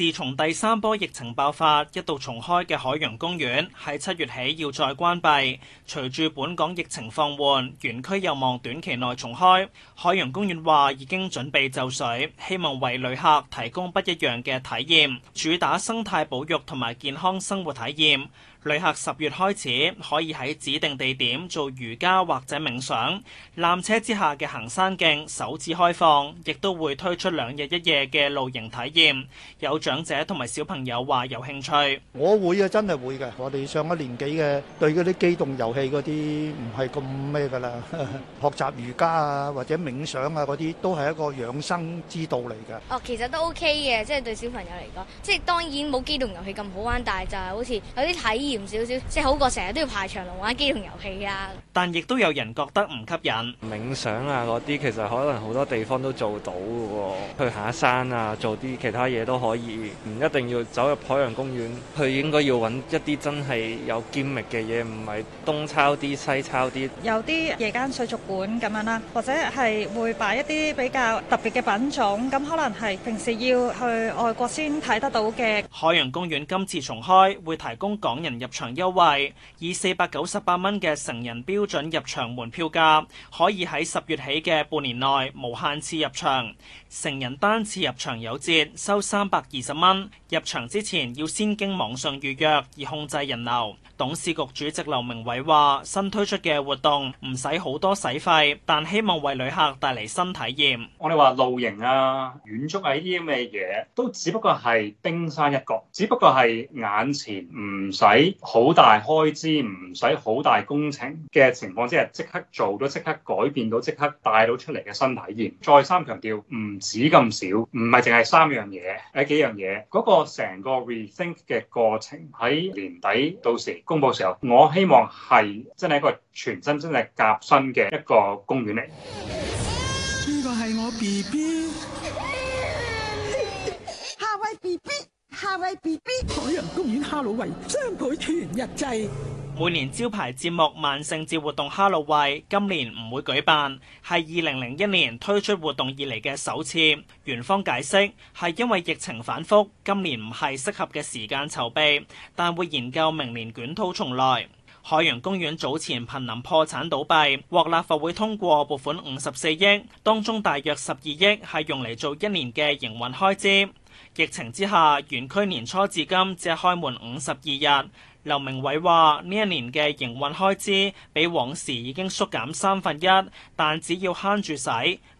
自從第三波疫情爆發，一度重開嘅海洋公園喺七月起要再關閉。隨住本港疫情放緩，園區有望短期內重開。海洋公園話已經準備就緒，希望為旅客提供不一樣嘅體驗，主打生態保育同埋健康生活體驗。旅客十月開始可以喺指定地點做瑜伽或者冥想。纜車之下嘅行山徑首次開放，亦都會推出兩日一夜嘅露營體驗。有長者同埋小朋友話有興趣，我會啊，真係會嘅。我哋上一年紀嘅對嗰啲機動遊戲嗰啲唔係咁咩噶啦，麼麼 學習瑜伽啊或者冥想啊嗰啲都係一個養生之道嚟㗎。哦，其實都 OK 嘅，即係對小朋友嚟講，即係當然冇機動遊戲咁好玩，但就係好似有啲體驗少少，即係好過成日都要排長龍玩機動遊戲啊。但亦都有人覺得唔吸引，冥想啊嗰啲其實可能好多地方都做到㗎喎，去行山啊做啲其他嘢都可以。唔一定要走入海洋公園，佢應該要揾一啲真係有機密嘅嘢，唔係東抄啲西抄啲。有啲夜間水族館咁樣啦，或者係會擺一啲比較特別嘅品種，咁可能係平時要去外國先睇得到嘅。海洋公園今次重開會提供港人入場優惠，以四百九十八蚊嘅成人標準入場門票價可以喺十月起嘅半年內無限次入場，成人單次入場有折收三百二。二十蚊入場，之前要先經網上預約，以控制人流。董事局主席劉明偉話：新推出嘅活動唔使好多使費，但希望為旅客帶嚟新體驗。我哋話露營啊、遠足啊呢啲咁嘅嘢，都只不過係冰山一角，只不過係眼前唔使好大開支、唔使好大工程嘅情況之下，即刻做到、即刻改變到、即刻帶到出嚟嘅新體驗。再三強調，唔止咁少，唔係淨係三樣嘢，係幾樣。嘢嗰個成個 rethink 嘅過程喺年底到時公佈時候，我希望係真係一個全新、真係革新嘅一個公園嚟。呢個係我 BB，哈囉喂 BB，哈囉喂 BB，海洋公園哈囉喂雙佢全日祭。每年招牌節目萬聖節活動哈囉喂，今年唔會舉辦，係2001年推出活動以嚟嘅首次。園方解釋係因為疫情反覆，今年唔係適合嘅時間籌備，但會研究明年捲土重來。海洋公園早前瀕臨破產倒閉，獲立法會通過撥款54億，當中大約12億係用嚟做一年嘅營運開支。疫情之下，園區年初至今只係開門五十二日。劉明偉話：呢一年嘅營運開支比往時已經縮減三分一，但只要慳住使，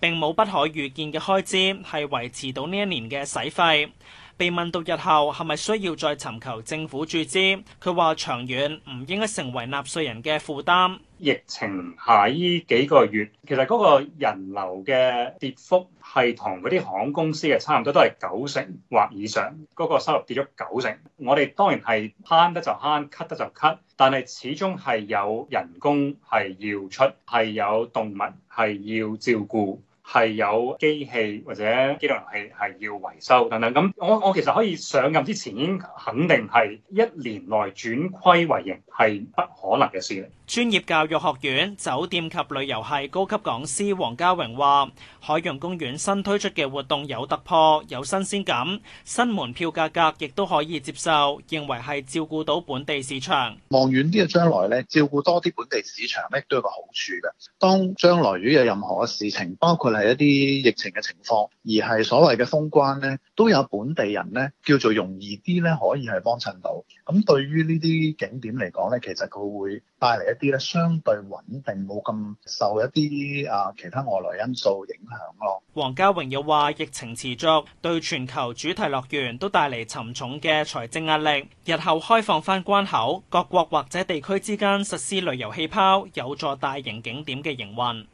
並冇不可預見嘅開支係維持到呢一年嘅使費。被問到日後係咪需要再尋求政府注資，佢話：長遠唔應該成為納稅人嘅負擔。疫情下呢幾個月，其實嗰個人流嘅跌幅係同嗰啲航空公司嘅差唔多，都係九成或以上。嗰個收入跌咗九成，我哋當然係慳得就慳，cut 得就 cut，但係始終係有人工係要出，係有動物係要照顧。係有機器或者機動器係要維修等等咁，我我其實可以上任之前已經肯定係一年內轉虧為盈係不可能嘅事。專業教育學院酒店及旅遊系高級講師黃家榮話，海洋公園新推出嘅活動有突破，有新鮮感，新門票價格亦都可以接受，認為係照顧到本地市場。望遠啲嘅將來咧，照顧多啲本地市場咧，亦都有個好處嘅。當將來如果有任何嘅事情，包括係一啲疫情嘅情況，而係所謂嘅封關咧，都有本地人咧叫做容易啲咧，可以係幫襯到。咁對於呢啲景點嚟講咧，其實佢會帶嚟一啲咧相對穩定，冇咁受一啲啊其他外來因素影響咯。黃家榮又話，疫情持續對全球主題樂園都帶嚟沉重嘅財政壓力。日後開放翻關口，各國或者地區之間實施旅遊氣泡，有助大型景點嘅營運。